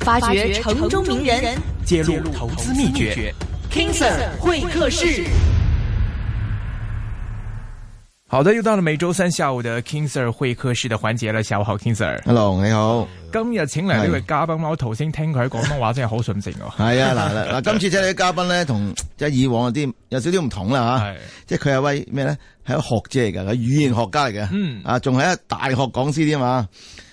發掘城中名人，揭露投資秘訣。King 金 Sir 會客室。好的，又到了每周三下午的 King Sir 會客室的環節了。下午好，King Sir。Hello，你好。今日請嚟呢位嘉賓，是我頭先聽佢喺廣東話真係好純正噶。係 啊，嗱嗱，今次真係啲嘉賓咧，同即係以往嗰啲有少少唔同啦吓。 對即係佢係位咩咧？係一個學者嚟噶，語言學家嚟嘅。嗯。啊，仲係一個大學講師添啊。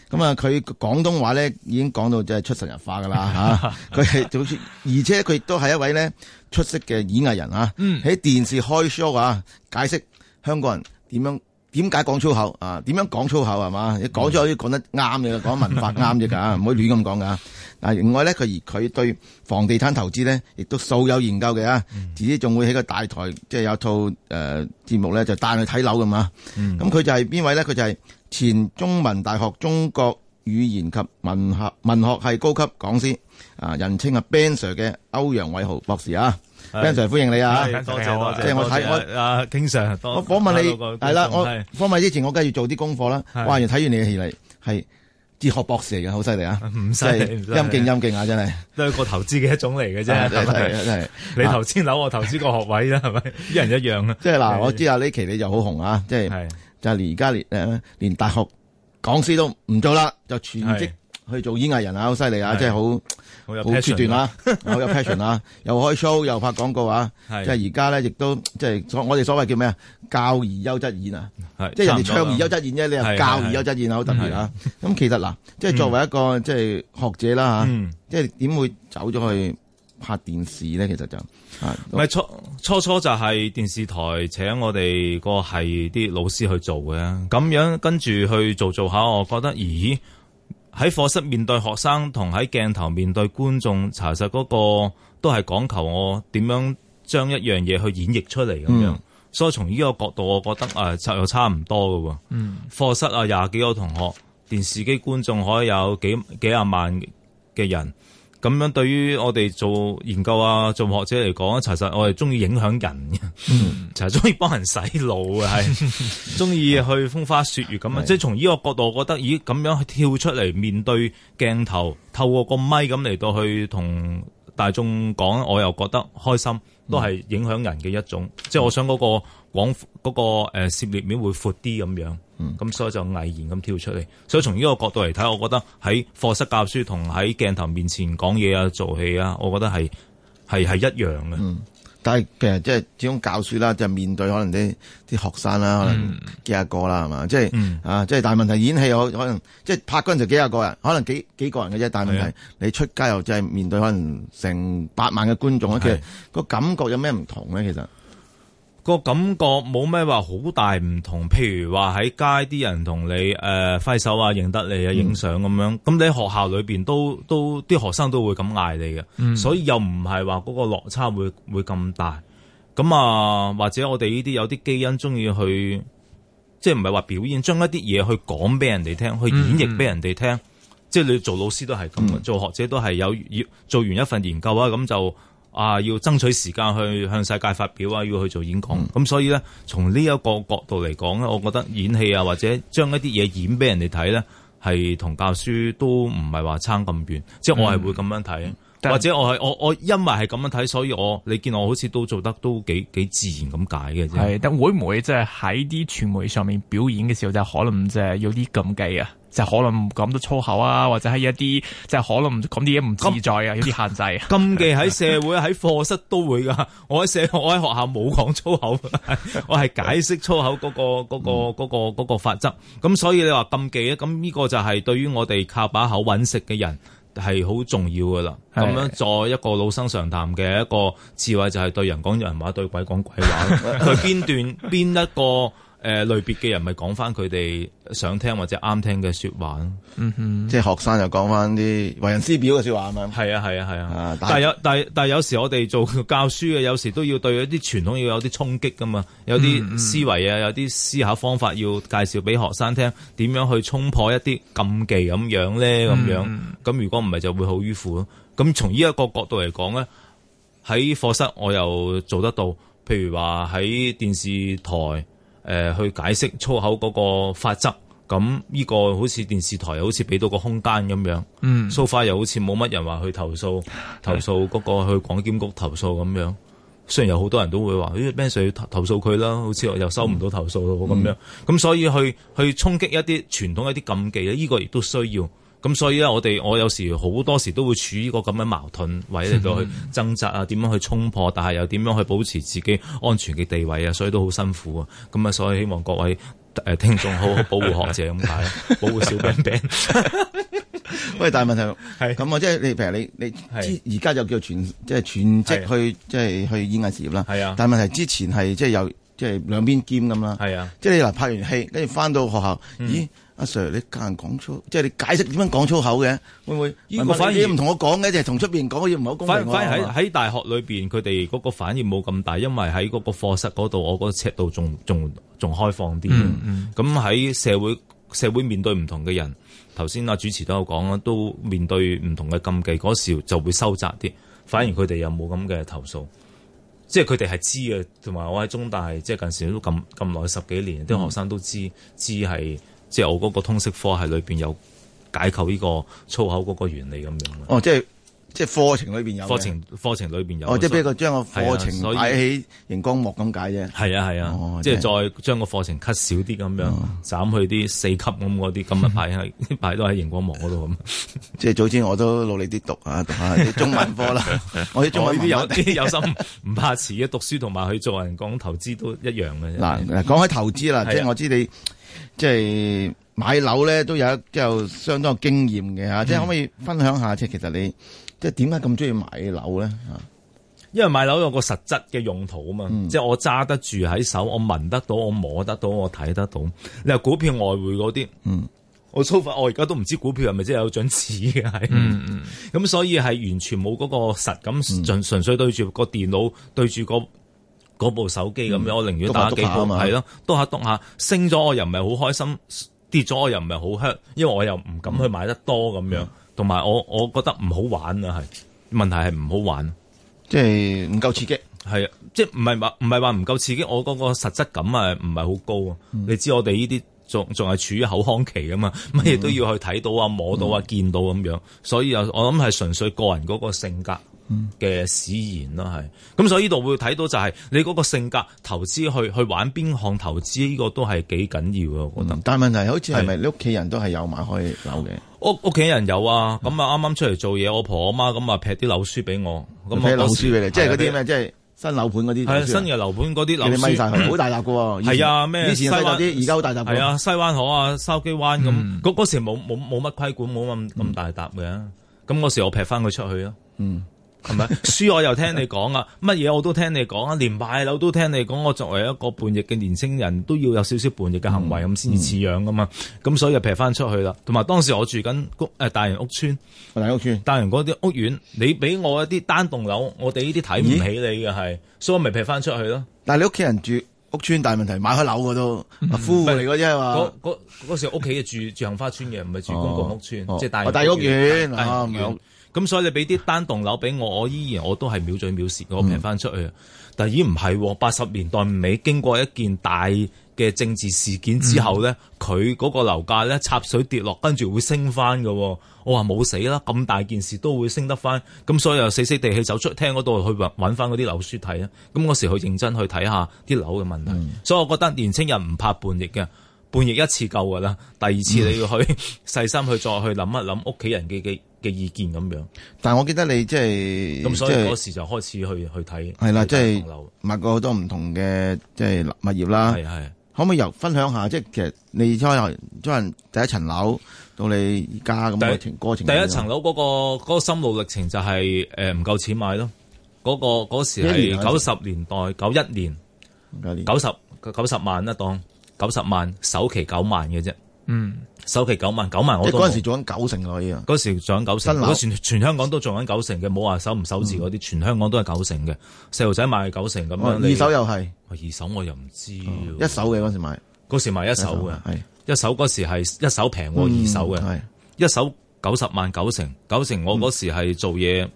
咁、 嗯、啊，佢廣東話咧已經講到即係出神入化噶啦吓，佢係好而且佢亦都係一位咧出色嘅演藝人啊。喺電視開 show 啊，解釋香港人點樣點解講粗口啊，點樣講粗口係嘛？你講咗可以講得啱嘅，講文化啱啫噶，唔可以亂咁講噶。嗱，另外咧，佢而佢對房地產投資咧，亦都素有研究嘅、就是、啊，自己仲會喺個大台即係有套誒節目咧，嗯、就帶佢睇樓咁嘛。咁佢就係邊位咧？佢就係。前中文大學中國語言及文學文學系高級講師，啊，人稱啊 Ben Sir 嘅歐陽偉豪博士啊，Ben Sir 歡迎你啊，多謝多謝，即係我睇我啊，經常我訪問你係啦，我訪問之前我梗係要做啲功課啦，哇，完睇完你嘅戲嚟，係哲學博士嚟嘅，好犀利啊，唔犀利，欽敬，欽敬啊，真係都係個投資嘅一種嚟嘅啫，係你投資樓，我投資個學位啦，係咪一人一樣啊？即係嗱，我知啊，呢期你就好紅啊，即係。就係而家連誒連大學講師都唔做啦，就全職去做演藝人啊，好犀利啊，即係好好決斷啊，好有 passion 啊，又開 show 又拍廣告啊，即係而家咧亦都即係我我哋所謂叫咩啊，教而優則演啊，即係人哋唱而優則演，而你又教而優則演，好特別啊。咁其實嗱，即係作為一個即係學者啦吓，即係點會走咗去？拍電視咧，其實就唔係初初初就係電視台請我哋個係啲老師去做嘅，咁樣跟住去做做下，我覺得咦，喺課室面對學生同喺鏡頭面對觀眾，查實嗰個都係講求我點樣將一樣嘢去演繹出嚟咁樣。嗯、所以從呢個角度，我覺得誒就又差唔多㗎喎。嗯、課室啊，廿幾個同學，電視機觀眾可以有幾幾廿萬嘅人。咁樣對於我哋做研究啊，做學者嚟講，查實我係中意影響人嘅，嗯，查實中意幫人洗腦嘅，係中意去風花雪月咁啊。 即係從呢個角度，我覺得咦咁樣去跳出嚟面對鏡頭，透過個咪咁嚟到去同。大眾講，我又覺得開心，都係影響人嘅一種。嗯、即係我想嗰個廣嗰、嗰個涉獵面會闊啲咁樣，咁、嗯、所以就毅然咁跳出嚟。所以從呢個角度嚟睇，我覺得喺課室教書同喺鏡頭面前講嘢啊、做戲啊，我覺得係係係一樣嘅。嗯但係其實即係始終教書啦，就面對可能啲啲學生啦，可能幾廿個啦，係嘛、嗯，即係、嗯、啊，即係大問題，演戲又可能即係拍嗰陣就幾廿個人，可能幾幾個人嘅啫，大係問題的你出街又即係面對可能成百萬嘅觀眾啊，的其實個感覺有咩唔同咧？其實。個感覺冇咩話好大唔同，譬如話喺街啲人同你誒呃、揮手啊，認得你啊，影相咁樣。咁你喺學校裏邊都都啲學生都會咁嗌你嘅，嗯、所以又唔係話嗰個落差會會咁大。咁啊，或者我哋呢啲有啲基因中意去，即係唔係話表演，將一啲嘢去講俾人哋聽，去演繹俾人哋聽。嗯、即係你做老師都係咁、嗯、做學者都係有要做完一份研究啊，咁就。啊！要爭取時間去向世界發表啊，要去做演講。咁、嗯、所以咧，從呢一個角度嚟講咧，我覺得演戲啊，或者將一啲嘢演俾人哋睇咧，係同教書都唔係話差咁遠。嗯、即係我係會咁樣睇，嗯、或者我係我我因為係咁樣睇，所以我你見我好似都做得都幾幾自然咁解嘅啫。係，但會唔會即係喺啲傳媒上面表演嘅時候，就可能即係有啲禁忌啊？就可能講到粗口啊，或者係一啲，即係、可能講啲嘢唔自在啊， 有啲限制，啊。禁忌喺社會喺課室都會噶，我喺社我喺學校冇講粗口， 我係解釋粗口嗰、嗰個嗰、嗰個嗰個嗰個嗰個法則。咁所以你話禁忌啊，咁呢個就係對於我哋靠把口揾食嘅人係好重要噶啦。咁是樣再一個老生常談嘅一個智慧就係對人講人話，對鬼講鬼話。佢邊 段邊一個？誒，類別嘅人咪講翻佢哋想聽或者啱聽嘅說話咯，嗯哼，即係學生就講翻啲為人師表嘅說話啊嘛，係啊係啊係啊，但係有但係但係有時我哋做教書嘅，有時都要對一啲傳統要有啲衝擊噶嘛，有啲思維啊，有啲思考方法要介紹俾學生聽，點樣去衝破一啲禁忌咁樣咧？咁、嗯、樣咁如果唔係就會好迂腐咯。咁從呢一個角度嚟講咧，喺課室我又做得到，譬如話喺電視台。誒、呃、去解釋粗口嗰個法則，咁呢個好似電視台又好似俾到個空間咁樣。So far、嗯、又好似冇乜人話去投訴，投訴嗰個去廣檢局投訴咁樣。雖然有好多人都會話，咦，Ben 投投訴佢啦，好似又收唔到投訴咁樣。咁、嗯嗯、所以去去衝擊一啲傳統一啲禁忌咧，依、呢個亦都需要。咁所以咧，我哋我有時好多時都會處於個咁嘅矛盾位嚟到去掙扎啊，點樣去衝破，但係又點樣去保持自己安全嘅地位啊？所以都好辛苦啊！咁啊，所以希望各位誒聽眾好好保護學者，咁解， 保護小 Ben Ben。喂，大問題係咁啊！即係你，譬如你你而家就叫做全即係全職去即係是去演藝事業啦。係啊，但係問題之前係即係有，即係兩邊兼咁啦。係啊，即係你嗱拍完戲，跟住翻到學校， 咦？咦阿、啊哎、Sir，你教人講粗，即係你解釋點樣講粗口嘅，會唔會？呢個反而唔同我講嘅，就係同出面講嘅嘢唔好公平。反而喺喺大學裏邊，佢哋嗰個反應冇咁大，因為喺嗰個課室嗰度，我個尺度仲仲仲開放啲。咁喺、um, um, 社會社會面對唔同嘅人，頭先阿主持都有講啦，都面對唔同嘅禁忌，嗰時就會收窄啲。反而佢哋又冇咁嘅投訴，即係佢哋係知呀，同埋我喺中大即係近時都咁咁耐十幾年，啲學生都知知係、um, 知 um,。為即係我嗰個通識科係裏邊有解構呢個粗口嗰個原理咁樣。哦，即係即係課程裏邊有。課程課程裏邊有。哦，即係畀佢將個課程擺喺熒光幕咁解啫。係啊係啊，即係再將個課程 cut 少啲咁樣，斬去啲四級咁嗰啲，咁啊擺喺擺到喺熒光幕嗰度咁。即係早知我都努力啲讀啊讀中文科啦。我啲有啲有心唔怕遲，嘅，讀書同埋去做人講投資都一樣嘅。嗱，講開投資啦，即係我知你。即係買樓咧，都有一即係相當有經驗嘅吓，即係、嗯、可唔可以分享下？即係其實你即係點解咁中意買樓咧？因為買樓有個實質嘅用途啊嘛，嗯、即係我揸得住喺手，我聞得到，我摸得到，我睇得到。你話股票外匯、外匯嗰啲，嗯，我粗法。我而家都唔知股票係咪真係有張紙嘅，係，嗯嗯，咁所以係完全冇嗰個實感，純純、嗯、粹對住個電腦對住、那個嗰部手機咁樣，嗯、我寧願打幾波，係咯，篤、啊、下篤下，升咗我又唔係好開心，跌咗我又唔係好香，因為我又唔敢去買得多咁、嗯、樣，同埋我我覺得唔好玩啊，係問題係唔好玩，好玩即係唔夠刺激，係啊，即係唔係話唔係話唔夠刺激，我嗰個實質感啊，唔係好高啊，你知我哋呢啲仲仲係處於口腔期啊嘛，乜嘢都要去睇到啊、摸到啊、嗯、見到咁樣，所以啊，我諗係純粹個人嗰個性格。嘅史言咯，係咁，所以呢度會睇到就係你嗰個性格，投資去去玩邊項投資呢個都係幾緊要啊！我覺得。但問題，好似係咪你屋企人都係有買開樓嘅？屋屋企人有啊，咁啊啱啱出嚟做嘢，我婆阿媽咁啊，劈啲樓書俾我。劈樓書俾你，即係嗰啲咩，即係新樓盤嗰啲。新嘅樓盤啲樓書好大沓嘅。係啊，咩西環啲而家好大沓。係啊，西灣河啊，筲箕灣咁，嗰嗰時冇冇冇乜規管，冇咁咁大沓嘅。咁嗰時我劈翻佢出去咯。係咪書，我又聽你講啊？乜嘢我都聽你講啊！連買樓都聽你講。我作為一個叛逆嘅年青人都要有少少叛逆嘅行為，咁先至似樣噶嘛？咁所以就劈翻出去啦。同埋當時我住緊誒大人屋村，大型屋村，大人嗰啲屋苑。你俾我一啲單棟樓，我哋呢啲睇唔起你嘅係，所以我咪劈翻出去咯。但係你屋企人住屋村，大問題買開樓我都，夫，豪嚟嘅啫嘛。嗰嗰時屋企住杏花村嘅，唔係住公共屋村，即係大。大屋苑啊，咁樣。咁所以你俾啲單棟樓俾我，我依然我都係秒嘴秒舌，我平翻出去。嗯、但已經唔係喎，八十年代尾經過一件大嘅政治事件之後咧，佢嗰、嗯、個樓價咧插水跌落，跟住會升翻嘅。我話冇死啦，咁大件事都會升得翻。咁所以又死死地氣走出廳嗰度去揾翻嗰啲樓書睇啊。咁嗰時去認真去睇下啲樓嘅問題。嗯、所以我覺得年青人唔怕叛逆嘅。半日一次夠噶啦，第二次你要去細心去再去諗一諗屋企人嘅嘅嘅意見咁樣。但係我記得你即係咁，所以嗰時就開始去去睇，係啦，即係買過好多唔同嘅即係物業啦。係係。可唔可以由分享下即係其實你初初人第一層樓到你而家咁嘅程過程？第一層樓嗰個嗰個心路歷程就係誒唔夠錢買咯。嗰個嗰時係九十年代九一年，九十年九十九十萬一當。九十萬首期九萬嘅啫，嗯，首期九萬九萬，我嗰陣時做緊九成咯，依啊，嗰時做緊九成，嗰時全香港都做緊九成嘅，冇話首唔首字嗰啲，全香港都係九成嘅，細路仔買九成咁樣，二手又係，二手我又唔知，一手嘅嗰時買，嗰時買一手嘅，係，一手嗰時係一手平過二手嘅，係，一手九十萬九成，九成我嗰時係做嘢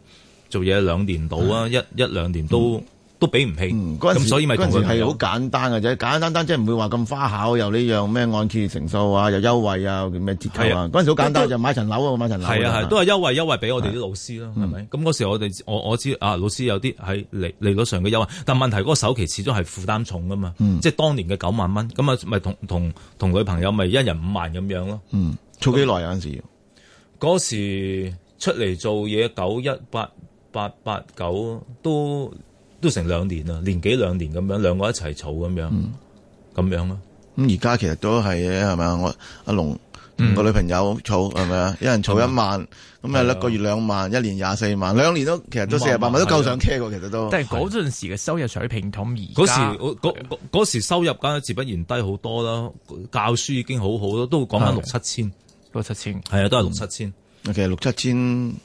做嘢兩年到啊，一一兩年都。都俾唔起，嗰、嗯、是所以咪陣時係好簡單嘅啫，簡簡單單即係唔會話咁花巧，又呢樣咩按揭成數啊，又優惠啊，咁咩折扣啊，嗰陣時好簡單就都買層樓啊，買層樓。係啊係，都係優惠優惠俾我哋啲老師咯，係咪？咁嗰時我哋我我知啊，老師有啲喺利利率上嘅優惠，但問題嗰、那個、首期始終係負擔重噶嘛，嗯、即係當年嘅九萬蚊，咁啊咪同同同女朋友咪一人五萬咁樣咯。嗯，儲幾耐有嗰陣時嗰時出嚟做嘢，九一八八八九都。都成兩年啦，年幾兩年咁樣，兩個一齊儲咁樣，咁樣咯。咁而家其實都係嘅，係咪啊？我阿龍個女朋友儲係咪啊？一人儲一萬，咁啊一個月兩萬，一年廿四萬，兩年都其實都四十八萬都夠上車個，其實都。但係嗰陣時嘅收入水平同而家，嗰時收入梗自不然低好多啦。教書已經好好咯，都講緊六七千，六七千，係啊，都係六七千。其實六七千。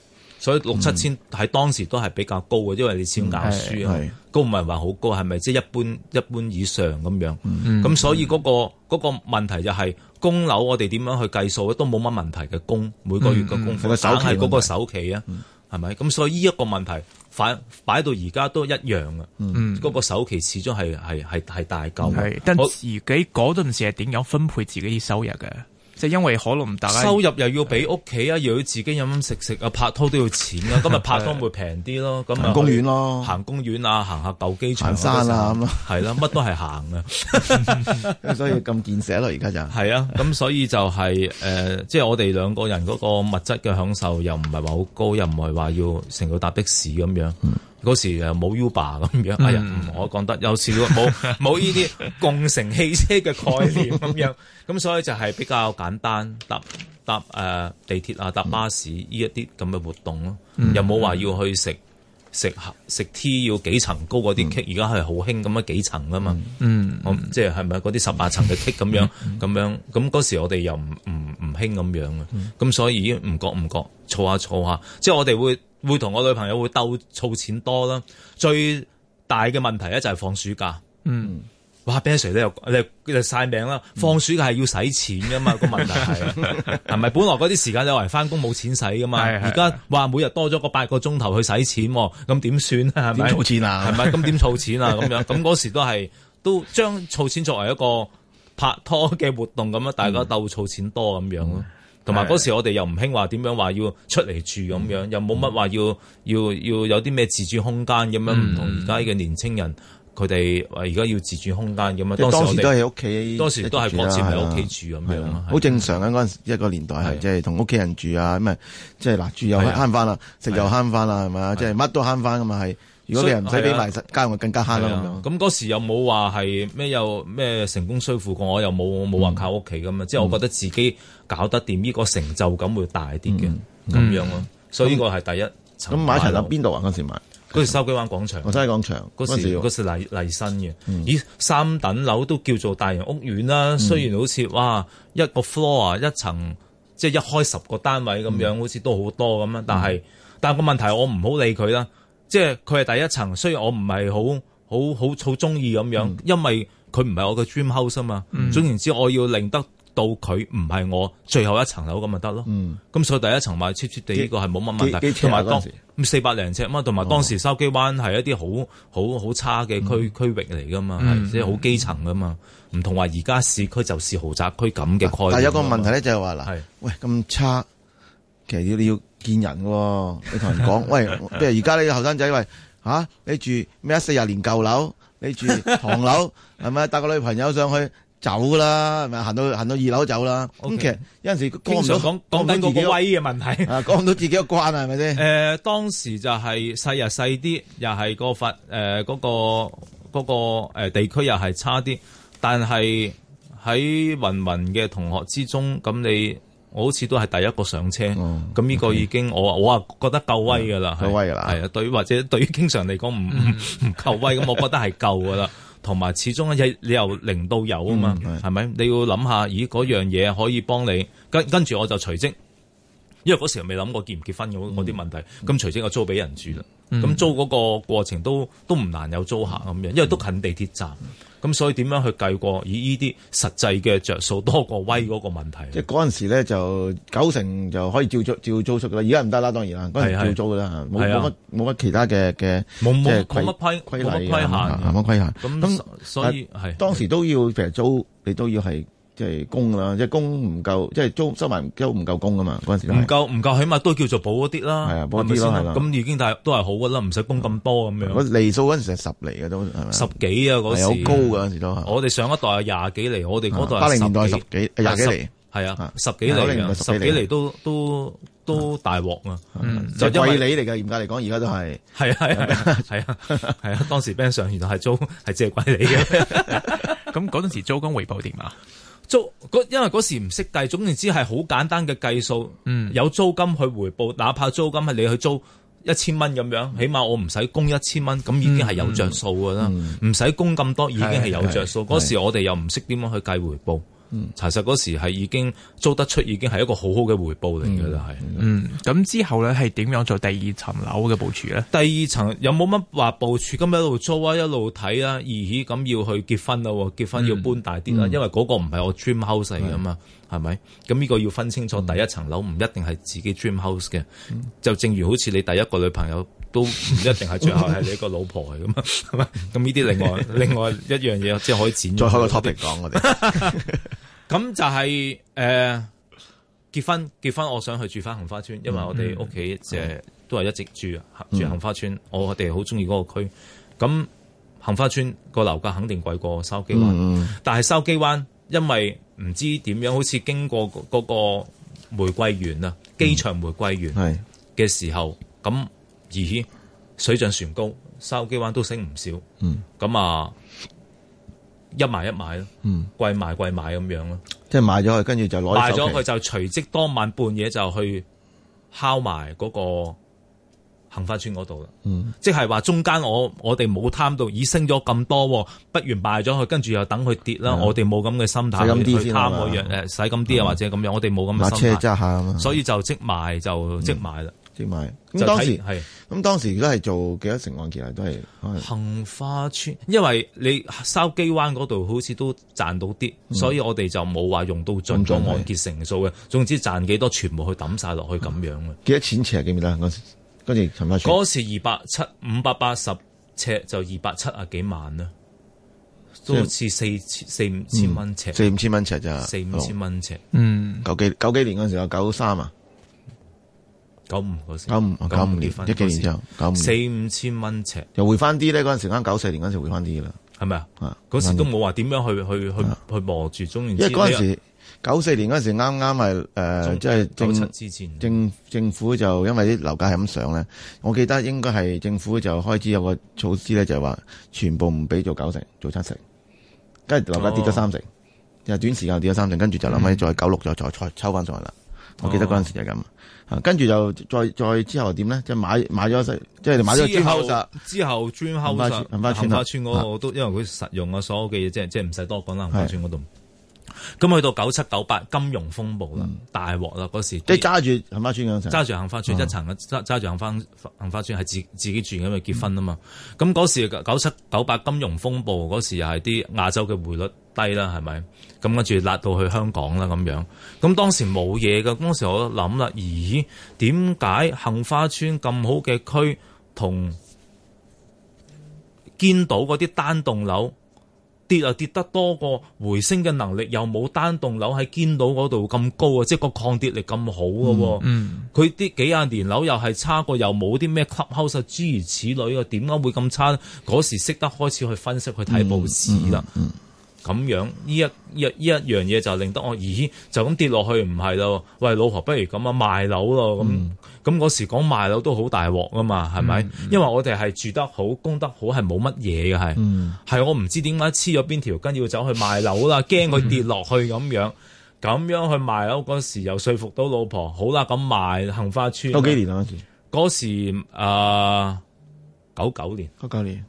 所以六七千喺當時都係比較高嘅，因為你先教書啊，高唔係話好高，係咪即係一般一般以上咁樣？咁、嗯、所以嗰、那個嗰、嗯、個問題就係、是、供樓，我哋點樣去計數咧都冇乜問題嘅供每個月嘅供款係嗰個首期啊，係咪、嗯？咁所以呢一個問題反擺到而家都一樣嘅，嗰、嗯、個首期始終係係係係大嚿。嗯、我但自己嗰陣時係點樣分配自己啲收入嘅？即係因為可能大家收入又要俾屋企啊，又要自己飲飲食食啊，拍拖都要錢啦。咁咪拍拖會平啲咯，咁啊行公園咯，行公園啊，行下舊機場行山啊咁咯，係啦，乜都係行啊。所以咁建設咯，而家就係啊。咁所以就係誒，即係我哋兩個人嗰個物質嘅享受又唔係話好高，又唔係話要成日搭的士咁樣。嗰時誒冇 Uber 咁樣，哎呀，我講得有少少冇冇呢啲共乘汽車嘅概念咁 樣，咁所以就係比較簡單搭搭誒、呃、地鐵啊搭巴士呢一啲咁嘅活動咯，又冇話要去食食食 T，要幾層高嗰啲 cake，而家係好興咁樣幾層噶嘛，嗯， 即係係咪嗰啲十八層嘅 cake 咁樣咁樣，咁嗰 時我哋又唔唔唔興咁樣嘅，咁所以唔覺唔覺坐下坐下，即係我哋會。會同我女朋友會鬥儲錢多啦，最大嘅問題咧就係放暑假。嗯，哇，Ben Sir 咧又，又，又晒命啦，放暑假係要使錢噶嘛，個、嗯、 問題係係咪本來嗰啲時間有人翻工，冇錢使噶嘛，而家話每日多咗個八個鐘頭去使錢，咁點算啊？點儲、嗯、儲錢啊？係 咪？咁點儲錢啊？咁樣，咁嗰時都係都將儲錢作為一個拍拖嘅活動咁啊，大家鬥儲錢多咁樣咯。同埋嗰時我哋又唔興話點樣話要出嚟住咁樣，又冇乜話要要要有啲咩自住空間咁樣，唔同而家嘅年青人佢哋而家要自住空間咁樣。即係當時都係屋企，當時都係各自喺屋企住咁樣，好正常啊！嗰陣時一個年代係即係同屋企人住啊，咁啊即係嗱住又慳翻啦，食又慳翻啦，係咪？即係乜都慳翻㗎嘛係。如果你人仔俾埋交，我更加慳啦咁樣。嗰時又冇話係咩，又咩成功說服過，我又冇冇話靠屋企咁嘛。即係我覺得自己搞得掂，呢個成就感會大啲嘅咁樣咯。所以呢個係第一。咁買一層樓邊度啊？嗰時買嗰時筲箕灣廣場。我真係廣場嗰時嚟麗新嘅。咦，三等樓都叫做大型屋苑啦。雖然好似哇一個 floor 一層，即係一開十個單位咁樣，好似都好多咁樣。但係但係個問題，我唔好理佢啦。即係佢係第一層，雖然我唔係好好好好中意咁樣，因為佢唔係我嘅 dream house 嘛。總言之，我要令得到佢唔係我最後一層樓咁咪得咯。咁所以第一層買 cheap cheap 地呢個係冇乜問題，同埋當咁四百零尺嘛，同埋當時筲箕灣係一啲好好好差嘅區區域嚟噶嘛，即係好基層噶嘛，唔同話而家市區就是豪宅區咁嘅概念。但有個問題咧，就係話嗱，喂咁差，其實要要。見人嘅，你同人講，喂，譬如而家呢個後生仔，喂，吓，你住咩四十年舊樓，你住唐樓，係咪帶個女朋友上去走啦？係咪行到行到二樓走啦？咁 Okay.、嗯、其實有陣時過唔到講講緊個威嘅問題，啊，過唔到自己個關係咪先？誒、呃，當時就係細又細啲，又係、那個法，誒、呃，嗰個、嗰個誒、呃、地區又係差啲，但係喺芸芸嘅同學之中，咁你。我好似都係第一個上車，咁呢、嗯、個已經 Okay. 我我啊覺得夠威㗎啦，是夠威啦，係啊，對於或者對於經常嚟講唔夠威咁，我覺得係夠㗎啦。同埋始終一你由零到有啊嘛，係咪、嗯？你要諗下，咦嗰樣嘢可以幫你？跟跟住我就隨即，因為嗰時未諗過結唔結婚嘅我啲問題，咁、嗯、隨即我租俾人住啦。咁、嗯、租嗰個過程都都唔難有租客咁樣，因為都近地鐵站，咁所以點樣去計過以呢啲實際嘅着數多過威嗰個問題？即係嗰陣時咧就九成就可以照租照租出㗎啦，而家唔得啦，當然啦，嗰陣時照租㗎啦，冇冇乜冇乜其他嘅嘅即冇乜規規冇乜規限。咁所以係當時都要平租，你都要係。即係供啦，即係供唔夠，即係租收埋租唔夠供啊嘛！嗰陣時唔夠，唔夠，起碼都叫做補嗰啲啦。係啊，補啲先啦。咁已經但係都係好噶啦，唔使供咁多咁樣。厘數嗰陣時係十厘嘅都係咪？十幾啊嗰時高嘅時都係。我哋上一代係廿幾厘，我哋嗰代八零年代十幾廿幾厘。係啊，十幾厘，十幾厘都都都大鑊啊！就貴利嚟嘅，嚴格嚟講，而家都係係係係啊係啊！當時 band 上原來係租係借貴利嘅。咁嗰陣時租金回報點啊？租因為嗰時唔識計，總然之係好簡單嘅計數，嗯、有租金去回報，哪怕租金係你去租一千蚊咁樣，嗯、起碼我唔使供一千蚊，咁已經係有着數噶啦，唔使、嗯、供咁多、嗯、已經係有着數。嗰、嗯、時我哋又唔識點樣去計回報。查、嗯、實嗰時，係已經租得出，已經係一個好好嘅回報嚟噶啦，係。嗯，咁是、嗯、之後咧係點樣做第二層樓嘅部署咧？第二層有冇乜話部署？咁一路租啊，一路睇啊，而起咁要去結婚啦，結婚要搬大啲啦，嗯、因為嗰個唔係我 dream house 嚟噶嘛，係咪的？咁呢個要分清楚，嗯、第一層樓唔一定係自己 dream house 嘅，嗯、就正如好似你第一個女朋友。都唔一定係最後係你一個老婆嘅。咁咁，呢啲另外 另外一樣嘢，即係可以剪再開個 topic 講。我哋咁就係誒結婚，結婚。結婚我想去住翻杏花村，嗯、因為我哋屋企即係都係一直住住杏花村。嗯、我哋好中意嗰個區。咁杏花村個樓價肯定貴過筲箕灣，嗯、但係筲箕灣因為唔知點樣，好似經過嗰個玫瑰園啦，機、嗯、場玫瑰園係嘅時候咁。嗯嗯而水漲船高，筲箕灣都升唔少。咁啊，一賣一買咯，貴賣貴買咁樣咯。即係賣咗佢，跟住就攞。賣咗佢就隨即當晚半夜就去敲埋嗰個杏花村嗰度啦。即係話中間我我哋冇貪到，已升咗咁多，不如賣咗佢，跟住又等佢跌啦。我哋冇咁嘅心態去貪嗰樣誒，使咁啲啊或者咁樣。我哋冇咁嘅心。買所以就即賣就即買啦。啲咁當時係咁當時都係做幾多成按揭啊？都係杏花村，因為你筲箕灣嗰度好似都賺到啲，所以我哋就冇話用到盡咗按揭成數嘅。總之賺幾多，全部去抌晒落去咁樣啊！幾多錢尺記唔記得？嗰陣嗰年陳嗰時，二百七五百八十尺就二百七啊幾萬啊，都好似四四五千蚊尺，四五千蚊尺就四五千蚊尺。嗯，九幾九幾年嗰時候九三啊。九五嗰時，九五九五年，一幾年之後九五年，四五千蚊尺，又回翻啲咧。嗰陣時間九四年嗰陣時回翻啲啦，係咪啊？啊，嗰時都冇話點樣去去去去磨住中原指數。因為嗰陣時九四年嗰陣時啱啱係誒，即係政之前政政府就因為啲樓價係咁上咧，我記得應該係政府就開始有個措施咧，就係話全部唔俾做九成，做七成，跟住樓價跌咗三成，又短時間跌咗三成，跟住就諗起再九六再再再抽翻上去啦。我記得嗰陣時就係咁，跟住就再再之後點咧？即係買買咗即係買咗之後實之後，杏花村嗰度都，因為佢實用啊，所有嘅嘢，即係即係唔使多講啦。杏花村嗰、那、度、個，咁是的 去到九七九八金融風暴啦，大鑊啦嗰時，即係揸住杏花村嗰層，揸住杏花村、嗯、一層，揸住杏花杏花村係自自己住，咁就結婚啦嘛。咁嗰、嗯、時九七九八金融風暴嗰時又係啲亞洲嘅匯率。低啦，係咪？咁跟住拉到去香港啦，咁樣。咁當時冇嘢噶，當時我諗啦，咦？點解杏花村咁好嘅區，同堅道嗰啲單棟樓跌又跌，跌得多過回升嘅能力，又冇單棟樓喺堅道嗰度咁高啊！即係個抗跌力咁好噶、嗯。嗯，佢啲幾廿年樓又係差過，又冇啲咩 club house 諸如此類嘅，點解會咁差？嗰時識得開始去分析，去睇報紙啦。嗯嗯嗯咁樣呢一一呢一樣嘢就令得我，咦？就咁跌落去唔係咯？喂，老婆，不如咁啊，賣樓咯，咁咁嗰時講賣樓都好大鑊噶嘛，係咪？嗯嗯、因為我哋係住得好，供得好，係冇乜嘢嘅，係係、嗯、我唔知點解黐咗邊條筋要走去賣樓啦，驚佢跌落去咁樣，咁樣去賣樓嗰時又說服到老婆，好啦，咁賣杏花村。多幾年啦、啊，嗰時啊九九年，九九年。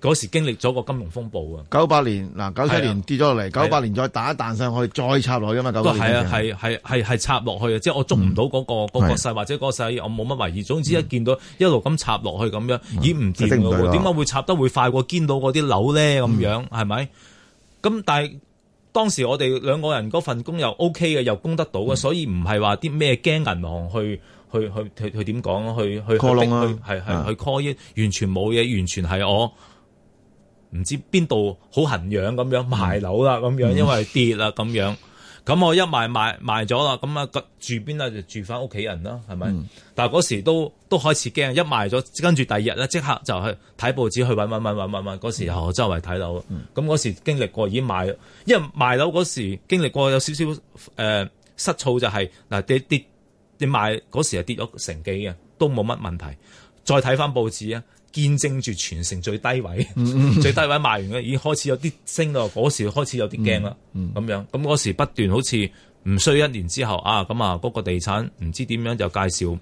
嗰時經歷咗個金融風暴啊！九八年嗱，九七年跌咗落嚟，九八年再打一彈上去，再插落去噶嘛？九八年係啊，係係係係插落去啊！即係我捉唔到嗰個個勢或者個勢，我冇乜懷疑。總之一見到一路咁插落去咁樣，已唔掂噶喎！點解會插得會快過見到嗰啲樓咧？咁樣係咪？咁但係當時我哋兩個人嗰份工又 OK 嘅，又供得到嘅，所以唔係話啲咩驚銀行去去去去點講？去去去 call 完全冇嘢，完全係我。唔知邊度好痕癢咁樣賣樓啦咁樣，因為跌啦咁樣。咁 我一賣賣賣咗啦，咁啊住邊啊就住翻屋企人啦，係咪？ 但係嗰時都都開始驚，一賣咗跟住第二日咧，即刻就去睇報紙，去揾揾揾揾揾嗰時候周圍睇樓，咁嗰 時經歷過已經賣。因為賣樓嗰時經歷過有少少誒失措、就是，就係嗱跌跌跌賣嗰時啊跌咗成幾嘅，都冇乜問題。再睇翻報紙啊！見證住全城最低位， 最低位賣完嘅，已經開始有啲升咯。嗰時開始有啲驚啦，咁 樣咁嗰時不斷好似唔需一年之後啊，咁啊個地產唔知點樣就介紹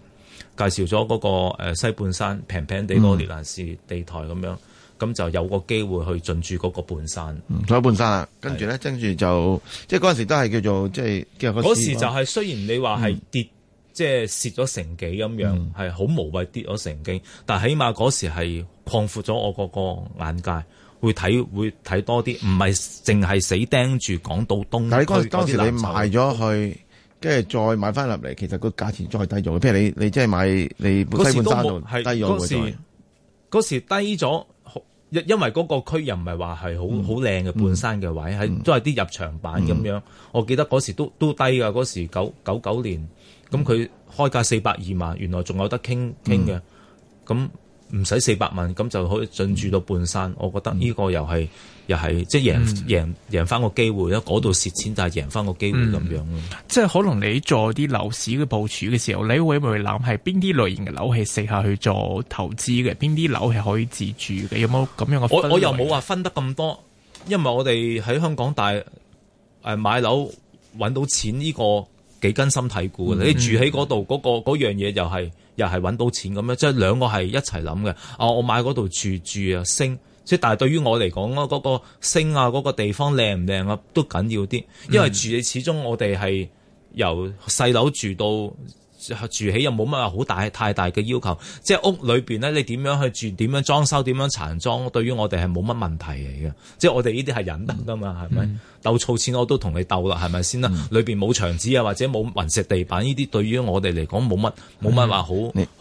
介紹咗個誒西半山平平地個列蘭士地台咁樣，咁就有個機會去進駐嗰個半山，仲、 嗯、有半山啊跟住咧，跟住就的即係陣時都係叫做即係嗰時就係雖然你話係跌。即係蝕咗成幾咁樣，係好、嗯、無謂跌咗成幾。但係起碼嗰時係擴闊咗我個眼界，會睇會睇多啲，唔係淨係死盯住港島東。但係你嗰時嗰時你賣咗去，跟住再買翻入嚟，其實個價錢再低咗。譬如你你即係買你西半山度，係低咗了冇時再嗰時低咗，因因為嗰個區又唔係話係好好靚嘅半山嘅位，係、嗯、都係啲入場版咁樣。我記得嗰時都時都低㗎，嗰時九九九年。咁佢開價四百二萬，原來仲有得傾傾嘅，咁唔使四百萬，咁就可以進駐到半山。嗯、我覺得呢個又係又係即係贏贏贏翻個機會啦。嗰度蝕錢，但係贏翻個機會咁、嗯、樣咯。嗯、即係可能你做啲樓市嘅部署嘅時候，你會唔會諗係邊啲類型嘅樓係適合去做投資嘅，邊啲樓係可以自住嘅？有冇咁樣嘅？我我又冇話分得咁多，因為我哋喺香港大誒、呃、買樓揾到錢呢、這個。幾根深蒂固嘅，嗯、你住喺嗰度嗰個嗰樣嘢又係又係揾到錢咁樣，即係兩個係一齊諗嘅。啊、哦，我買嗰度住住啊升，即係但係對於我嚟講咯，嗰個升啊，嗰個地方靚唔靚啊都緊要啲。因為住，你始終我哋係由細樓住到住起又冇乜好大太大嘅要求。即係屋裏邊咧，你點樣去住，點樣裝修，點樣殘裝，對於我哋係冇乜問題嚟嘅。即係我哋呢啲係忍得噶嘛，係咪、嗯？有醋錢我都同你鬥啦，係咪先啦？裏邊冇牆紙啊，或者冇雲石地板呢啲，對於我哋嚟講冇乜冇乜話好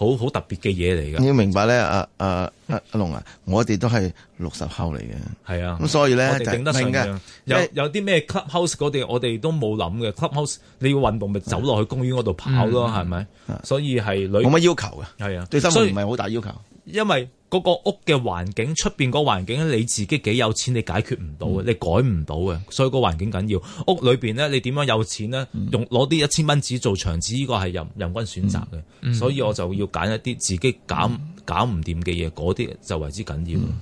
好好特別嘅嘢嚟㗎。你要明白咧，阿阿阿龍啊，我哋都係六十後嚟嘅。係啊，咁所以咧頂得順嘅。有有啲咩 clubhouse 嗰啲，我哋都冇諗嘅。clubhouse 你要運動咪走落去公園嗰度跑咯，係咪？所以係女冇乜要求嘅。係啊，對身唔係好大要求，因為。嗰個屋嘅環境，出邊嗰環境你自己幾有錢，你解決唔到嘅，嗯、你改唔到嘅，所以個環境緊要。屋裏邊咧，你點樣有錢咧，嗯、用攞啲一千蚊紙做牆紙，呢、呢個係任任君選擇嘅，嗯、所以我就要揀一啲自己搞搞唔掂嘅嘢，嗰啲、嗯、就為之緊要。嗯嗯。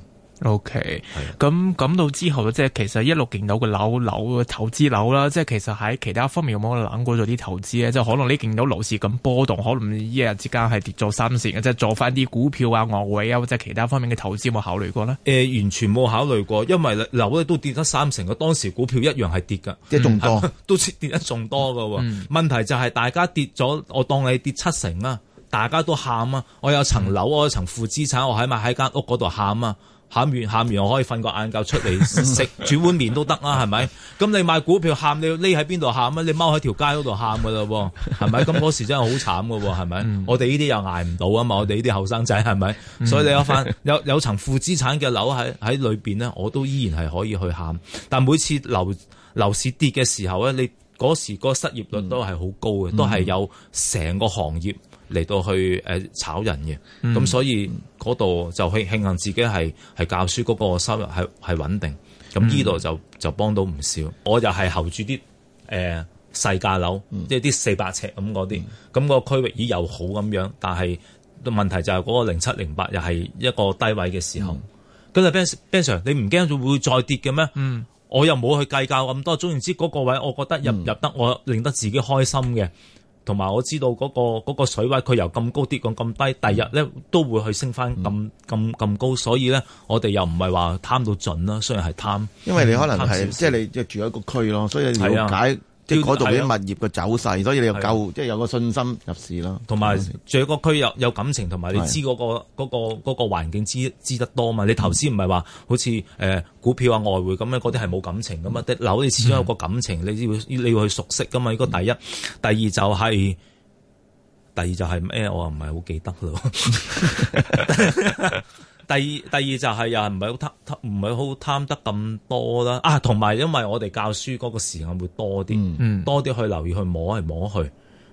O K，咁咁到之後，即係其實一路見到個樓樓投資樓啦，即係其實喺其他方面有冇諗過做啲投資咧？即係可能你見到樓市咁波動，可能一日之間係跌咗三成即係做翻啲股票啊、外匯啊，或者其他方面嘅投資有冇考慮過呢？誒、呃，完全冇考慮過，因為樓咧都跌咗三成嘅，當時股票一樣係跌嘅，即係仲多 都跌得仲多嘅。嗯、問題就係大家跌咗，我當你跌七成啊，大家都喊啊，我有層樓，我有層負資產，我喺埋喺間屋嗰度喊啊。喊完喊完，我可以瞓個晏覺，出嚟食煮碗麵都得啦，係咪？咁你買股票喊，你要匿喺邊度喊啊？你踎喺條街嗰度喊㗎喇，係咪？咁嗰時真係好慘㗎，係咪？嗯、我哋呢啲又捱唔到啊嘛，嗯、我哋呢啲後生仔係咪？嗯、所以你有份有有層負資產嘅樓喺喺裏邊咧，我都依然係可以去喊。但每次樓樓市跌嘅時候咧，你嗰時個失業率都係好高嘅，嗯嗯、都係有成個行業。嚟到去誒炒人嘅，咁、嗯嗯、所以嗰度就慶幸自己係係教書嗰個收入係係穩定，咁呢度就就幫到唔少。我又係候住啲誒細價樓，即係啲四百尺咁嗰啲，咁、個區域已又好咁樣，但係問題就係嗰個零七零八又係一個低位嘅時候。咁啊、嗯、Ben Sir，你唔驚會再跌嘅咩？嗯，我又冇去計較咁多，總言之嗰個位，我覺得入入得我令得自己開心嘅。嗯同埋我知道嗰個嗰個水位，佢由咁高跌降到咁低，第日咧都會去升翻咁咁咁高，所以咧我哋又唔係話貪到盡啦，雖然係貪，因為你可能係即係你住喺一個區咯，所以瞭解。即係嗰度啲物業嘅走勢，啊、所以你又夠、啊、即係有個信心入市咯。同埋住喺個區有有感情，同埋你知嗰、嗰個嗰、啊嗰個、嗰個環、嗰個、境知知,知得多嘛？你投資唔係話好似誒、欸、股票啊外匯咁樣，嗰啲係冇感情噶嘛？啲樓你始終有個感情，啊、你要你要,你要去熟悉噶嘛？呢個第一，第二就係第二就係、係、咩？我唔係好記得咯。 第二，第二就係又唔係好貪，唔係好貪得咁多啦啊，同埋因為我哋教書嗰個時間會多啲，嗯、多啲去留意，去摸去摸去。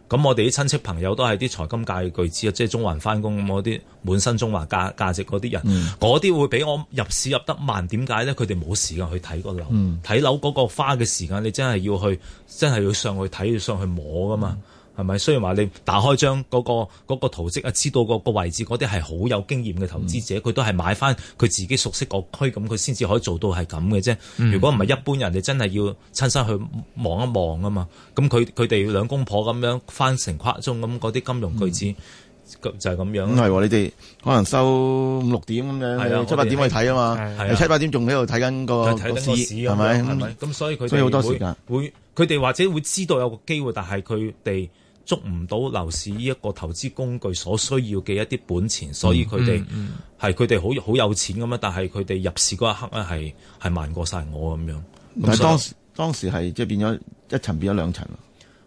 咁我哋啲親戚朋友都係啲財金界巨資，即係中環返工咁嗰啲滿身中環價、價值嗰啲人，嗰啲、嗯、會比我入市入得慢。點解咧？佢哋冇時間去睇個樓，睇、嗯、樓嗰個花嘅時間，你真係要去，真係要上去睇，要上去摸㗎嘛。係咪？雖然話你打開張嗰個嗰個圖蹟啊，知道個位置嗰啲係好有經驗嘅投資者，佢都係買翻佢自己熟悉個區，咁佢先至可以做到係咁嘅啫。如果唔係一般人，你真係要親身去望一望啊嘛。咁佢佢哋兩公婆咁樣翻成跨中咁，嗰啲金融巨子，就係咁樣。咁係你哋可能收五六點咁樣，七八點去睇啊嘛。啊，七八點仲喺度睇緊個睇緊個市，係咪？咁所以佢哋會好多時間會佢哋或者會知道有個機會，但係佢哋。捉唔到樓市呢一個投資工具所需要嘅一啲本錢，所以佢哋係佢哋好好有錢咁啊！但係佢哋入市嗰一刻咧，係係慢過晒我咁樣。但係當當時係即係變咗一層變咗兩層啦。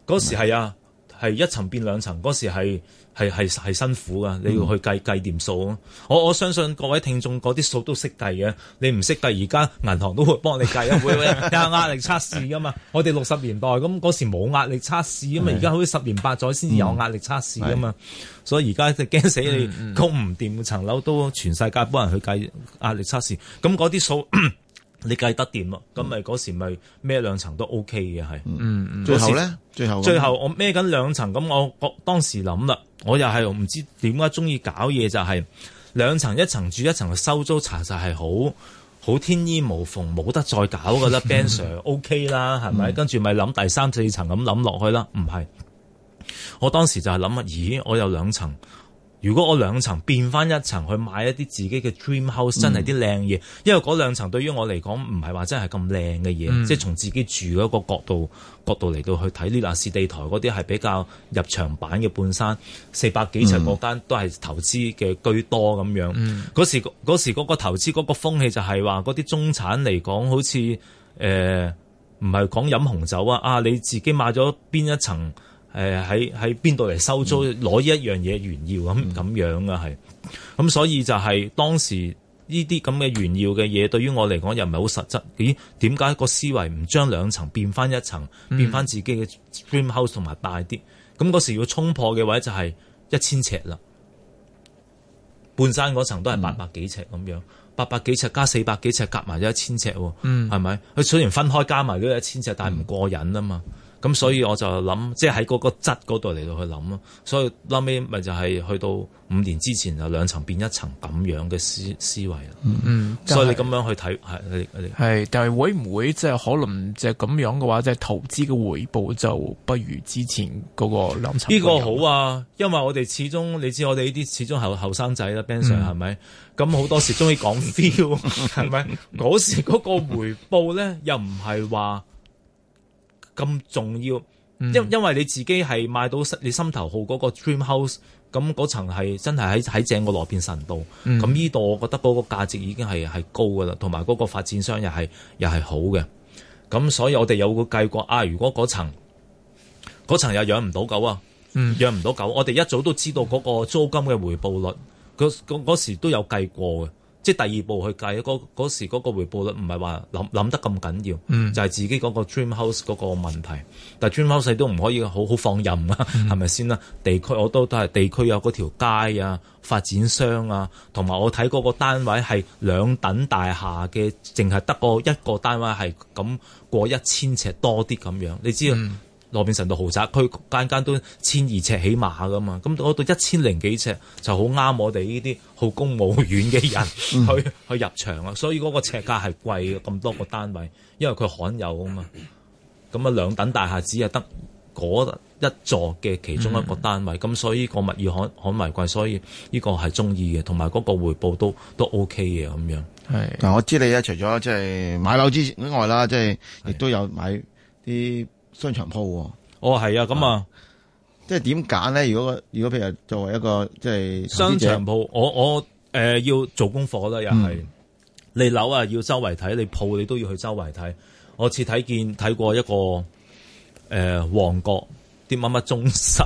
嗰時係啊。係一層變兩層，嗰時係係係係辛苦噶，你要去計計掂數咯。數，嗯、我我相信各位聽眾嗰啲數都識計嘅，你唔識計，但而家銀行都會幫你計， 會會？有壓力測試噶嘛？我哋六十年代咁嗰時冇壓力測試，咁啊而家好似十年八載先有壓力測試噶嘛？的所以而家就驚死你，供唔掂層樓都全世界幫人去計壓力測試，咁嗰啲數。你計得掂咯，咁咪嗰時咪孭兩層都 O K 嘅係。嗯嗯、最後咧，最後，最後樣我孭緊兩層，咁我當時諗啦，我又係唔知點解中意搞嘢就係兩層，一層住一層收租，查實係好好天衣無縫，冇得再搞噶、 OK、啦。Ben Sir，O K 啦，係咪、嗯？跟住咪諗第三四層咁諗落去啦。唔係，我當時就係諗啊，咦，我有兩層。如果我兩層變翻一層去買一啲自己嘅 dream house，、嗯、真係啲靚嘢，因為嗰兩層對於我嚟講唔係話真係咁靚嘅嘢，即係從自己住嗰個角度角度嚟到去睇呢啲亞士地台嗰啲係比較入場版嘅半山四百幾層，嗰間都係投資嘅居多咁樣。嗰、嗯、時嗰個投資嗰個風氣就係話嗰啲中產嚟講好似誒唔係講飲紅酒啊，啊你自己買咗邊一層？誒喺喺邊度嚟收租攞呢、嗯、一樣嘢炫耀咁咁樣嘅係咁，所以就係、是、當時呢啲咁嘅炫耀嘅嘢，對於我嚟講又唔係好實質。咦？點解個思維唔將兩層變翻一層，變翻自己嘅 dream house 同埋大啲？咁嗰時要衝破嘅位就係一千尺啦。半山嗰層都係八百幾尺咁樣，八百幾尺加四百幾尺夾埋咗一千尺喎。係咪？佢、嗯、雖然分開加埋嗰一千尺，但係唔過癮啊嘛。咁所以我就諗，即係喺嗰個質嗰度嚟到去諗咯。所以後屘咪就係去到五年之前就兩層變一層咁樣嘅思思維嗯。嗯嗯，所以你咁樣去睇係你，你但係會唔會即係可能即係咁樣嘅話，即係投資嘅回報就不如之前嗰個兩層。呢個好啊，因為我哋始終你知我哋呢啲始終後後生仔啦，Ben Sir，係咪？咁好多時中意講 feel 係咪？嗰時嗰個回報咧又唔係話咁重要，因、嗯、因為你自己係買到你心頭好嗰個 dream house，咁嗰層係真係喺喺正個羅便臣道，咁呢度我覺得嗰個價值已經係係高噶啦，同埋嗰個發展商又係又係好嘅，咁所以我哋有個計過，啊如果嗰層層又養唔到狗啊，養唔到狗，我哋一早都知道嗰個租金嘅回報率，嗰嗰時都有計過嘅。即係第二步去計，嗰嗰時嗰個回報率唔係話諗諗得咁緊要，嗯、就係自己嗰個 dream house 嗰個問題。但 dream house 都唔可以好好放任啊，係咪先啦？地區我都都係地區有嗰條街啊，發展商啊，同埋我睇過嗰個單位係兩等大廈嘅，淨係得個一個單位係咁過一千尺多啲咁樣，你知道。嗯羅便臣道豪宅區間間都千二尺起碼噶嘛，咁、嗯嗯、我到一千零幾尺就好啱我哋呢啲好公務員嘅人去、嗯、去入場啊！所以嗰個尺價係貴嘅，咁多個單位，因為佢罕有啊嘛。咁啊，兩等大廈只係得嗰一座嘅其中一個單位，咁、嗯嗯、所以個物業罕罕為貴，所以呢個係中意嘅，同埋嗰個回報都都 OK 嘅咁樣。係嗱是，但我知你啊，除咗即係買樓之外啦，即係亦都有買啲。商場鋪哦係啊咁啊，哦、啊啊即係點揀咧？如果如果譬如作為一個即係、就是、商場鋪，我我誒、呃、要做功課啦，又係、嗯、你樓啊要周圍睇，你鋪你都要去周圍睇。我似睇見睇過一個誒旺角啲乜乜中心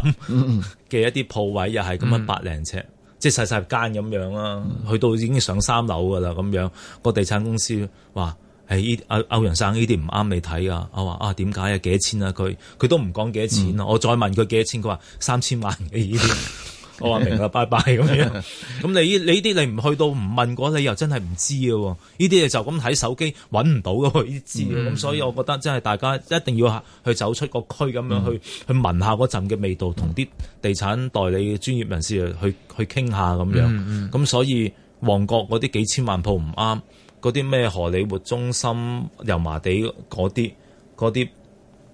嘅一啲鋪位，又係咁樣百零尺，即係細細間咁樣啦。去到已經上三樓噶啦，咁樣、那個地產公司話。係依阿歐陽生呢啲唔啱你睇啊！我話啊，點解啊？幾多錢啊？佢佢都唔講幾多錢咯！嗯、我再問佢幾多錢，佢話三千萬嘅呢啲。 我話明啦，拜拜咁樣。咁你呢，呢啲你唔去到唔問過，你又真係唔知嘅喎。呢啲啊，就咁睇手機揾唔到嘅喎呢啲資料。咁、嗯、所以我覺得真係大家一定要去走出個區咁樣、嗯、去去聞下嗰陣嘅味道，同啲地產代理專業人士去去傾下咁樣。咁、嗯嗯、所以旺角嗰啲幾千萬鋪唔啱。嗰啲咩荷里活中心油麻地嗰啲啲，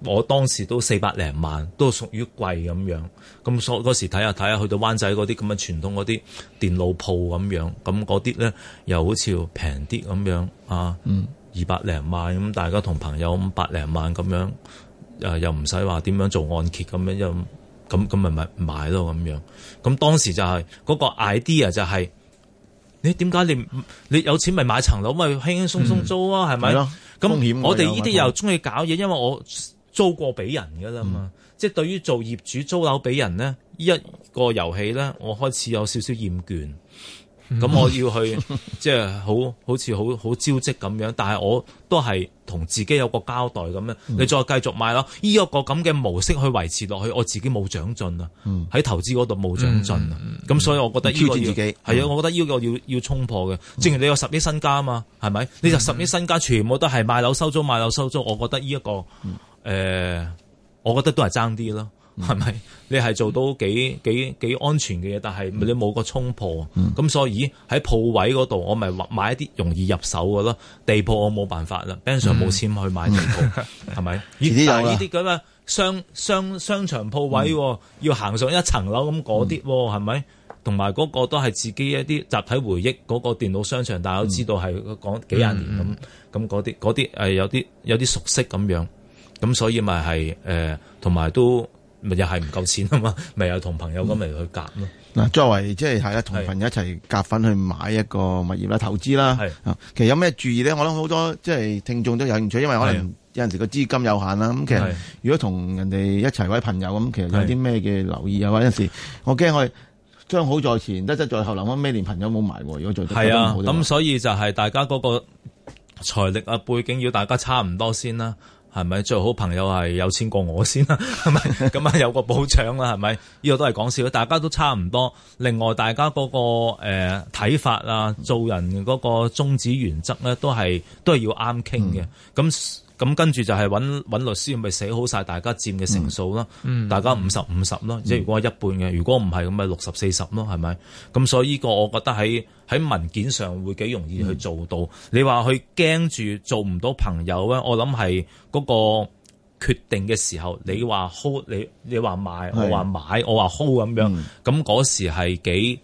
我當時都四百零萬，都屬於貴咁樣。咁所嗰時睇下睇下去到灣仔嗰啲咁嘅傳統嗰啲電腦鋪咁樣，咁嗰啲咧又好似平啲咁樣啊，二百零萬咁，大家同朋友五百零萬咁樣，誒又唔使話點樣做按揭咁樣，又咁咁咪咪買咯咁樣。咁當時就係嗰個 idea 就係。你點解你你有錢咪買層樓咪輕輕鬆鬆租啊，係咪、嗯？咁吧我哋呢啲又中意搞嘢，因為我租過俾人噶啦嘛。即係、嗯、對於做業主租樓俾人咧，依、這、一個遊戲咧，我開始有少少厭倦。咁、 嗯嗯、我要去即係、就是、好好似好好招積咁樣，但係我都係同自己有個交代咁樣。你再繼續買咯，依、這、一個咁嘅模式去維持落去，我自己冇長進啊，喺投資嗰度冇長進啊。咁所以我覺得呢個要係啊、嗯，我覺得呢個要要衝破嘅。正如你有十億身家啊嘛，係咪？你就十億身家全部都係買樓收租，買樓收租，我覺得呢、這、一個誒、呃，我覺得都係爭啲咯。係咪你係做到幾幾幾安全嘅嘢？但係你冇個衝破，咁所以喺鋪位嗰度，我咪買一啲容易入手嘅咯。地鋪我冇辦法啦，Ben 上冇錢去買地鋪，係咪？而嗱呢啲咁啊商商商場鋪位，要行上一層樓咁嗰啲，係咪？同埋嗰個都係自己一啲集體回憶嗰個電腦商場，大家都知道係講幾廿年咁，咁嗰啲嗰啲係有啲有啲熟悉咁樣，咁所以咪係誒同埋都。咪又係唔夠錢啊嘛！咪又同朋友咁咪去夾咯。嗱、嗯，作為即係係啦，同朋友一齊夾份去買一個物業啦，投資啦。係啊的，其實有咩注意咧？我諗好多即係聽眾都有興趣，因為可能有陣時個資金有限啦。咁的其實如果同人哋一齊位朋友咁，其實有啲咩嘅留意啊？或者有陣時我驚我將好在前，得得在後，臨尾咩連朋友冇埋喎。如果做，係啊。咁所以就係大家嗰個財力啊背景要大家差唔多先啦。係咪最好朋友係有錢過我先啦？係咪咁啊，有個保障啦？係咪呢個都係講笑，大家都差唔多，另外大家嗰、嗰個誒睇、呃、法啊，做人嗰個宗旨原則咧，都係都係要啱傾嘅。咁、嗯。咁跟住就係揾揾律師，咪寫好晒大家佔嘅成數啦，嗯、大家五十五十咯，即係如果係一半嘅，如果唔係咁咪六十四十咯，係咪？咁所以呢個我覺得喺喺文件上會幾容易去做到。嗯、你話佢驚住做唔到朋友咧，我諗係嗰個決定嘅時候，你話 hold，你你話賣，我話買，我話是 hold 咁樣，咁嗰、嗯、時係幾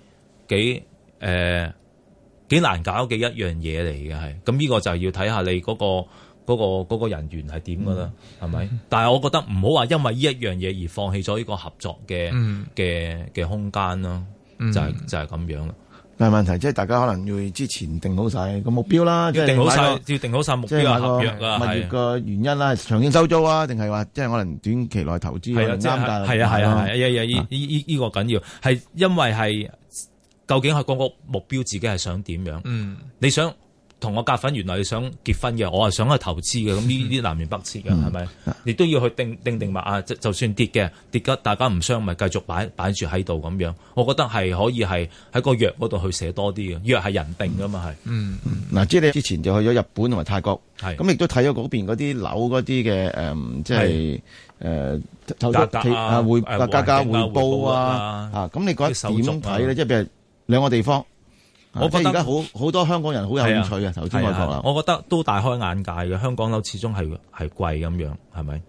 幾誒幾難搞嘅一樣嘢嚟嘅係。咁呢個就係要睇下你嗰、嗰個。嗰個嗰個人員係點㗎咧？係咪、嗯？但係我覺得唔好話因為呢一樣嘢而放棄咗呢個合作嘅嘅嘅空間咯、就係。就係就係咁樣啦。但係問題即係大家可能要之前定好晒個目標啦，定要定好晒，要定好晒目標啊！合約個原因啦，長期收租啊，定係話即係可能短期內投資啊？啱係啊係啊係啊！呢呢呢個緊要係因為係究竟係個目標自己係想點樣？嗯，你想？同我夾粉，原來你想結婚嘅，我係想去投資嘅，咁呢啲南轅北轍嘅，係咪？亦都要去定定定物啊！就算跌嘅，跌得大家唔想，咪繼續擺擺住喺度咁樣。我覺得係可以係喺個約嗰度去寫多啲嘅，約係人定㗎嘛係。嗯嗱，即係你之前就去咗日本同埋泰國，係咁亦都睇咗嗰邊嗰啲樓嗰啲嘅誒，即係誒投資啊回價格回報啊啊！咁你覺得點睇咧？即係譬如兩個地方。我覺得而家好好多香港人好有興趣嘅投資外國。我覺得都大開眼界嘅。香港樓始終係係貴咁樣，係咪？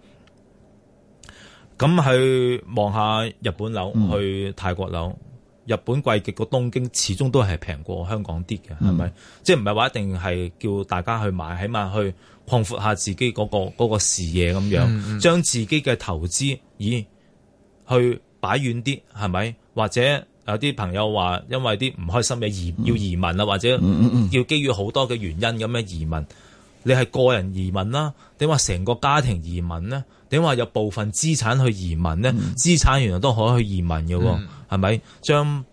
咁去望下日本樓，去泰國樓。嗯、日本貴極個東京，始終都係平過香港啲嘅，係咪？嗯、即係唔係話一定係叫大家去買，起碼去擴闊下自己嗰、個嗰、個視野咁樣，將、嗯、自己嘅投資以去擺遠啲，係咪？或者？有啲朋友話因為啲唔開心嘅移要移民啦，或者要基於好多嘅原因咁樣移民。你係個人移民啦，定話成個家庭移民呢？定話有部分資產去移民呢？資產原來都可以去移民嘅，係咪、嗯、將？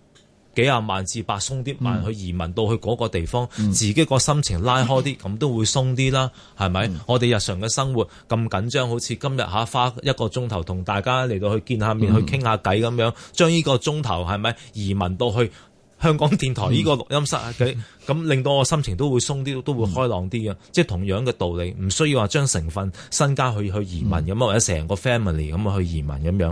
幾廿萬至百鬆啲萬去移民到去嗰個地方，嗯、自己個心情拉開啲，咁都會鬆啲啦，係咪？嗯、我哋日常嘅生活咁緊張，好似今日吓花一個鐘頭同大家嚟到去見下面去傾下偈咁樣，將呢個鐘頭係咪移民到去？香港電台呢個錄音室佢咁、嗯、令到我心情都會鬆啲，都會開朗啲嘅。嗯、即係同樣嘅道理，唔需要話將成分身家去去移民咁啊，嗯、或者成個 family 咁啊去移民咁樣。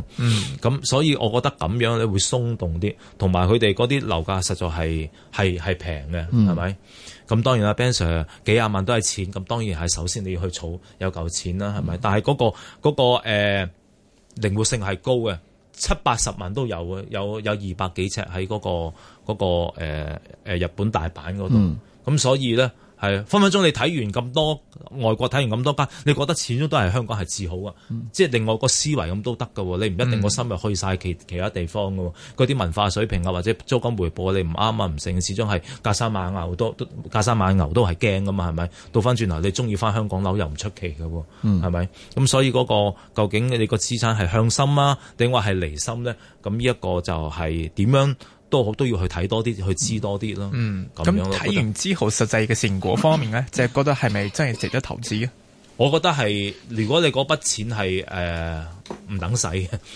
咁、嗯、所以我覺得咁樣咧會鬆動啲，同埋佢哋嗰啲樓價實在係係係平嘅，係咪？咁、嗯、當然啦 Ben Sir 幾廿萬都係錢，咁當然係首先你要去儲有嚿錢啦，係咪？但係嗰、嗰個嗰、嗰個、嗰個呃、靈活性係高嘅。七八十萬都有嘅，有有二百幾尺喺嗰、個嗰、個誒誒、呃、日本大阪嗰度，咁、嗯、所以咧。係分分鐘你睇完咁多外國睇完咁多間，你覺得始終都係香港係最好啊。嗯、即係另外個思維咁都得嘅。你唔一定個心入去晒其其他地方嘅，嗰啲、嗯、文化水平啊或者租金回報你唔啱啊唔成，始終係隔山買牛，都隔山買牛都係驚嘅嘛，係咪？倒翻轉頭你中意翻香港樓又唔出奇嘅喎，係咪、嗯？咁所以嗰、嗰個究竟你個資產係向心啊定話係離心呢？咁呢一個就係點樣？都好都要去睇多啲，去知多啲咯。嗯，咁樣睇、嗯、完之後，實際嘅成果方面咧， 就係覺得係咪真係值得投資啊？我覺得係，如果你嗰筆錢係唔、呃、等使、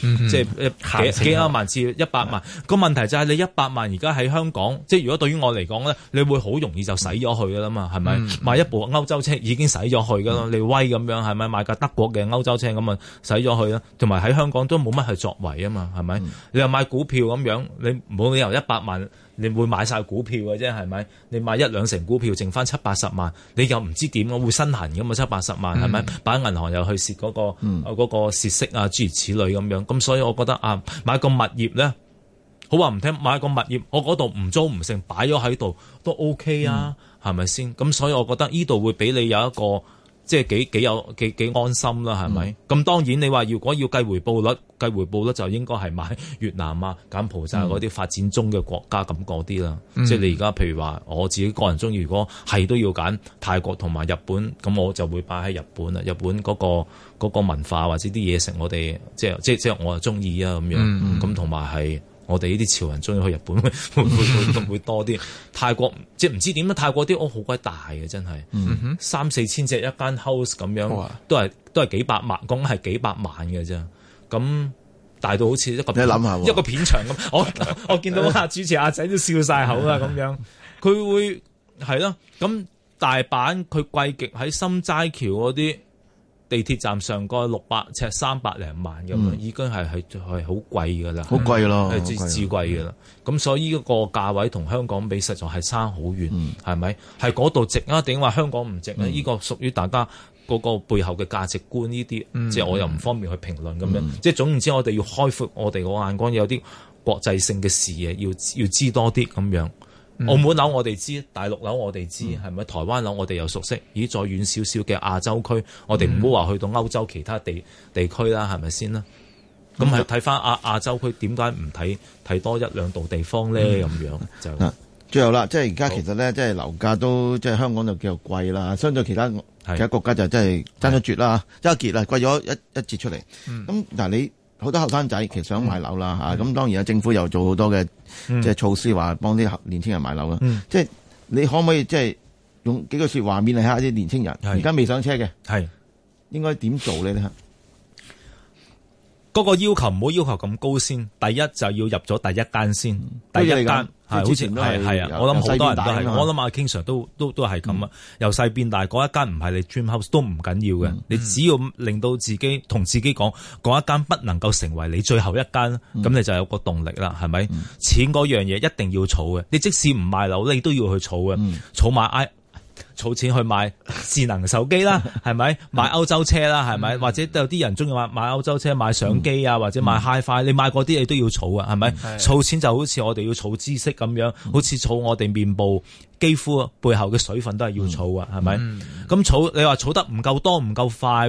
嗯、哼即係幾幾啊萬至一百萬。個、嗯、哼問題就係你一百萬而家喺香港，嗯、哼即係如果對於我嚟講咧，你會好容易就使咗去噶啦嘛，係咪、嗯、哼買一部歐洲車已經使咗去噶啦？嗯、哼你威咁樣係咪買架德國嘅歐洲車咁啊？使咗去啦，同埋喺香港都冇乜去作為啊嘛，係咪？嗯、哼你又買股票咁樣，你冇理由一百萬。你會買晒股票嘅啫，係咪？你買一兩成股票，剩翻七八十萬，你又唔知點咯，會身痕咁啊？七八十萬係咪？擺喺、嗯、銀行又去蝕嗰、嗰個啊蝕、嗯、息啊諸如此類咁樣。咁所以我覺得啊，買個物業咧，好話唔聽，買個物業，我嗰度唔租唔剩，擺咗喺度都 OK 啊，係咪先？咁所以我覺得呢度會俾你有一個。即係幾幾有幾幾安心啦，係咪？咁、嗯、當然你話如果要計回報率，計回報率就應該係買越南啊、柬埔寨嗰啲發展中嘅國家咁嗰啲啦。嗯、即係你而家譬如話我自己個人中意，如果係都要揀泰國同埋日本，咁我就會擺喺日本啦。日本嗰個嗰個文化或者啲嘢食我，我哋即係即係即係我係中意啊咁樣。咁同埋係。我哋呢啲潮人中意去日本，會會會會，會會會會多啲。 泰國即係唔知點啊！泰國啲屋好鬼大嘅，mm，真、hmm. 係三四千呎一間 house 咁樣，都係都係幾百萬，講係幾百萬嘅啫。咁大到好似一個，你諗下一個片場咁。我， 我我見到啊主持阿、啊、仔都笑晒口啦咁樣。佢 會係咯。咁大阪佢貴極喺心齋橋嗰啲。地鐵站上蓋六百尺三百零萬咁樣，嗯、已經係係係好貴噶啦，好貴咯，至至、嗯、貴噶啦。咁所以呢個價位同香港比，實在係差好遠，係咪、嗯？係嗰度值啊，定話香港唔值咧、啊？呢、嗯、個屬於大家嗰個背後嘅價值觀呢啲，嗯、即係我又唔方便去評論咁樣。嗯嗯、即係總言之，我哋要開闊我哋個眼光，有啲國際性嘅視野，要要,要知多啲咁樣。澳門樓我哋知，大陸樓我哋知，係咪、嗯？台灣樓我哋又熟悉，而再遠少少嘅亞洲區，嗯、我哋唔好話去到歐洲其他地地區啦，係咪先啦？咁係睇翻亞亞洲區點解唔睇睇多一兩度地方咧？咁樣、嗯、就、啊、最後啦，即係而家其實咧，即係樓價都即係香港就叫做貴啦，相對其他是其他國家就真係爭是一絕啦，一結啦，貴咗一一截出嚟。咁嗱，你。好多後生仔其實想買樓啦嚇，咁、嗯、當然啊政府又做好多嘅即係措施，話幫啲年青人買樓啦。嗯、即係你可唔可以即係用幾句説話勉勵下啲年青人？而家是未上車嘅，是應該點做咧？你嗰個要求唔好要，要求咁高先，第一就要入咗第一間先，第一間係好似係係啊！有我諗好多人都係，我諗啊，經常都都都係咁啊。嗯、由細變大，嗰一間唔係你 dream house 都唔緊要嘅，嗯、你只要令到自己同自己講，嗰一間不能夠成為你最後一間，咁、嗯、你就有個動力啦，係咪？嗯、錢嗰樣嘢一定要儲嘅，你即使唔賣樓，你都要去儲嘅，儲埋、嗯儲錢去買智能手機啦，係咪 買歐洲車啦，係咪、嗯、或者有啲人中意買買歐洲車、買相機啊，嗯、或者買 HiFi 你買嗰啲你都要儲啊，係咪？儲、嗯、錢就好似我哋要儲知識咁樣，嗯、好似儲我哋面部肌膚背後嘅水分都係要儲啊，係咪？咁儲、嗯、你話儲得唔夠多唔夠快？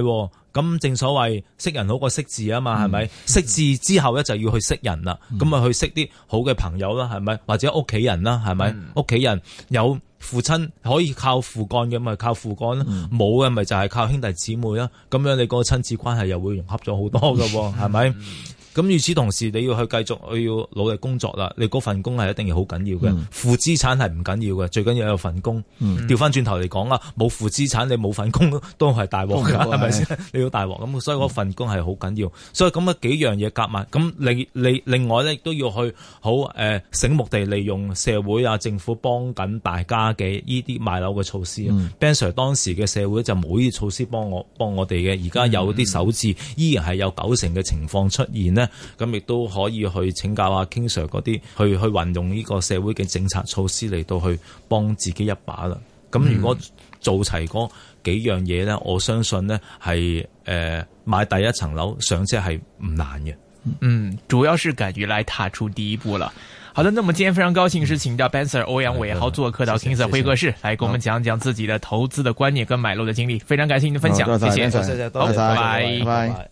咁正所謂識人好過識字啊嘛，係咪？嗯、識字之後咧就要去識人啦，咁啊、嗯、去識啲好嘅朋友啦，係咪？或者屋企人啦，係咪？屋企、嗯、人有父親可以靠父幹嘅嘛，靠父幹，啦、嗯；冇嘅咪就係靠兄弟姊妹啦。咁樣你嗰個親子關係又會融合咗好多嘅喎，係咪？嗯 咁與此同時，你要去繼續，去要努力工作啦。你份工係一定要好緊要嘅，負資產係唔緊要嘅，最緊要有份工。調翻轉頭嚟講啊，冇負資產，你冇份工都係大鑊㗎，係咪先？你要大鑊，咁，所以份工係好緊要。所以咁啊幾樣嘢夾埋，咁你你另外咧，亦都要去好誒醒目地利用社會啊、政府幫緊大家嘅呢啲買樓嘅措施。Ben Sir 當時嘅社會就冇呢啲措施幫我幫我哋嘅，而家有啲首置依然係有九成嘅情況出現咧。咁亦都可以去請教下 King Sir 嗰啲，去去運用呢個社會嘅政策措施嚟到去幫自己一把啦。咁如果做齊嗰幾樣嘢呢，嗯、我相信呢係誒，買第一層樓上車係唔難嘅。嗯，主要是敢於來踏出第一步啦。好的，那麼今天非常高興是請到 Ben、er, 金 Sir 歐陽偉豪做客到 King Sir 會客室，謝謝來跟我們講講自己嘅投資嘅觀念跟買樓嘅經歷。好非常感謝你嘅分享，多謝，謝謝，好，拜拜。